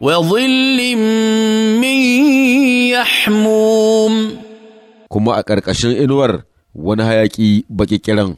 وظل من يحموم كما أكركشن إنور ونهايكي بكي كلام